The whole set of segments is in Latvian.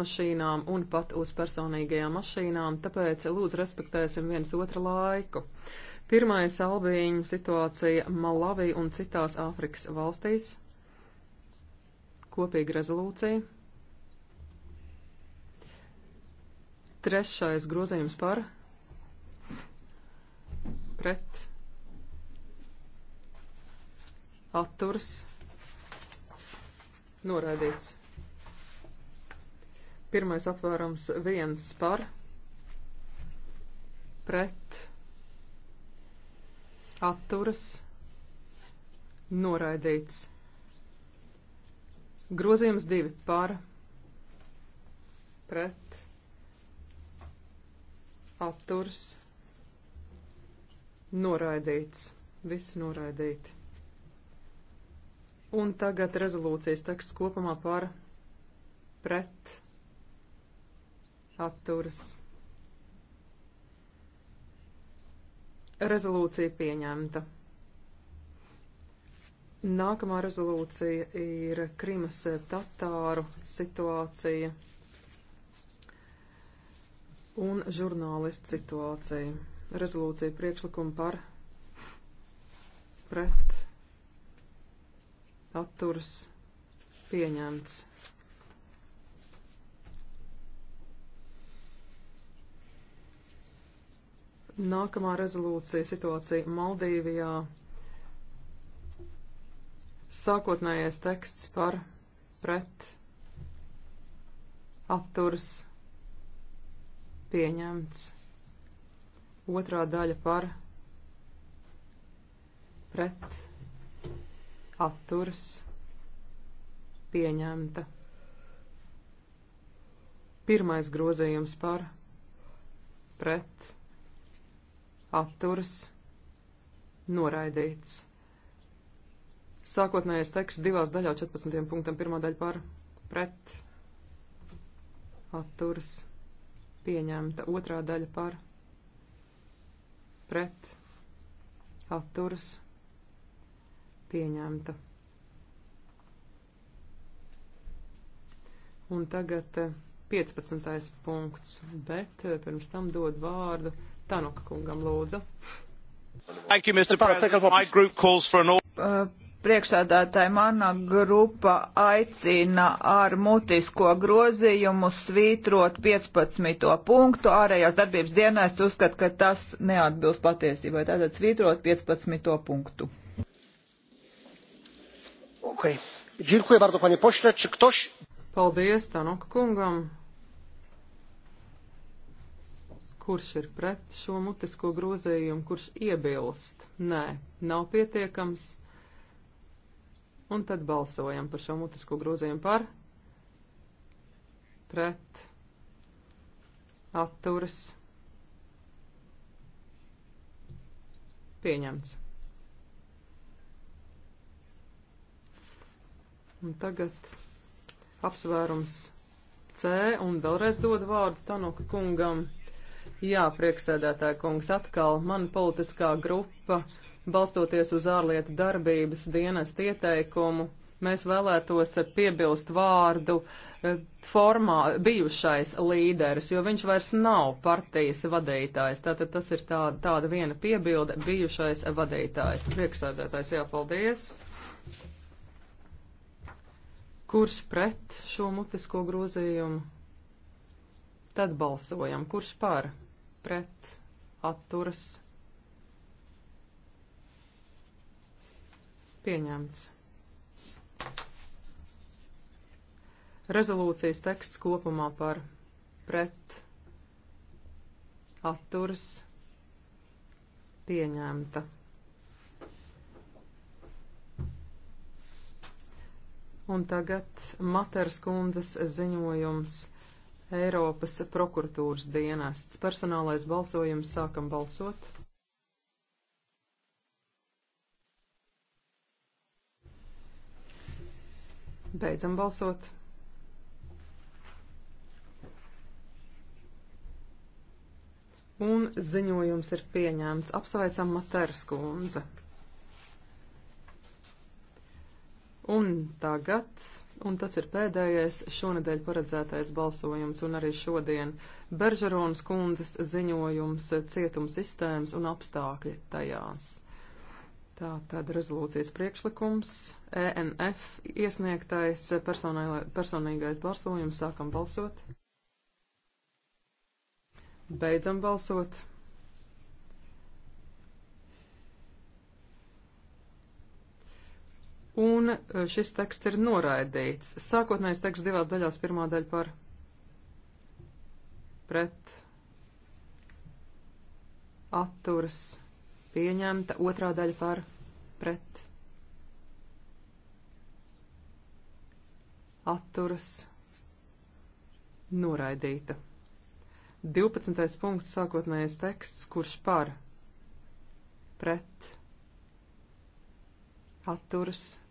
automašīnām un pat uz personīgajām mašīnām, tāpēc lūdzu respektēsim viens otru laiku. Pirmais albīņu situācija Malavī un citās Āfrikas valstīs. Kopīga rezolūcija. Trešais grozījums par pret atturs noraidīts. Pirmais apvērums viens par, pret, atturas, noraidīts. Grozījums divi par, pret, atturas, noraidīts. Visi noraidīti. Un tagad rezolūcijas teksts kopumā par, pret, atturas atturas. Rezolūcija pieņemta. Nākamā rezolūcija ir Krimas tatāru situācija un žurnālistu situācija. Rezolūcija priekšlikuma par pret atturas pieņemts. Nākamā rezolūcija situācija Maldīvijā. Sākotnējais teksts par pret atturs pieņemts. Otrā daļa par pret atturs pieņemta. Pirmais grozījums par pret atturs atturas noraidīts. Sākotnējais teksts divās daļā 14. punktam pirmā daļa par pret atturas pieņemta, otrā daļa par pret atturas pieņemta. Un tagad 15. Eh, punkts, bet eh, pirms tam dod vārdu Tanuka kungam lūdzu. Thank you, Mr. President. My group calls for an all... Uh, priekšsēdētāji mana grupa aicina ar mutisko grozījumu svītrot 15. punktu. Ārējās darbības dienās uzskat, ka tas neatbilst patiesībai. Tātad svītrot 15. punktu. Okay. Dziękuję bardzo, panie pośle. Czy ktoś... Paldies, Tanuka kungam. kurš ir pret šo mutisko grozījumu, kurš iebilst. Nē, nav pietiekams. Un tad balsojam par šo mutisko grozījumu par, pret, atturas, pieņemts. Un tagad apsvērums C un vēlreiz dod vārdu Tanoka kungam. Jā, prieksēdētāja kungs, atkal mana politiskā grupa, balstoties uz ārlietu darbības dienas ieteikumu, mēs vēlētos piebilst vārdu eh, formā bijušais līderis, jo viņš vairs nav partijas vadītājs. Tātad tas ir tā, tāda viena piebilde - bijušais vadītājs. Prieksēdētājs, jā, paldies. Kurš pret šo mutisko grozījumu? Tad balsojam, kurš par, pret, atturas, pieņemts. Rezolūcijas teksts kopumā par pret, atturas, pieņemta. Un tagad Materas kundzes ziņojums. Eiropas prokuratūras dienests. Personālais balsojums sākam balsot. Beidzam balsot. Un ziņojums ir pieņēmts. Apsveicam Materas kundze. Un tagad Un tas ir pēdējais šonadēļ paredzētais balsojums un arī šodien Beržerons kundzes ziņojums cietums sistēmas un apstākļi tajās. Tā tad rezolūcijas priekšlikums, ENF iesniegtais personīgais balsojums, sākam balsot. Beidzam balsot. un eh, šis teksts ir noraidīts. Sākotnējais teksts divās daļās, pirmā daļa par pret atturas pieņemta, otrā daļa par pret atturas noraidīta. 12. punkts sākotnējais teksts, kurš par pret atturas pieņemta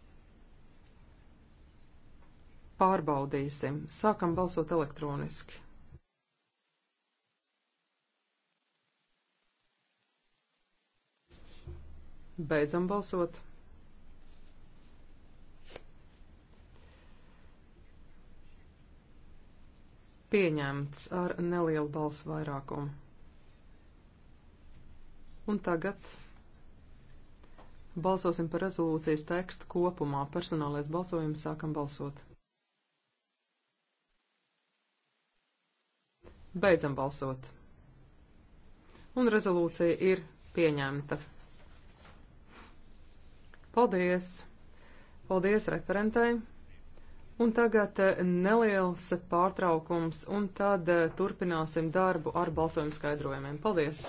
pārbaudīsim. Sākam balsot elektroniski. Beidzam balsot. Pieņemts ar nelielu balsu vairākumu. Un tagad balsosim par rezolūcijas tekstu kopumā. Personālais balsojums sākam balsot. Beidzam balsot. Un rezolūcija ir pieņemta. Paldies! Paldies referentai! Un tagad eh, neliels pārtraukums, un tad eh, turpināsim darbu ar balsojumu skaidrojumiem. Paldies!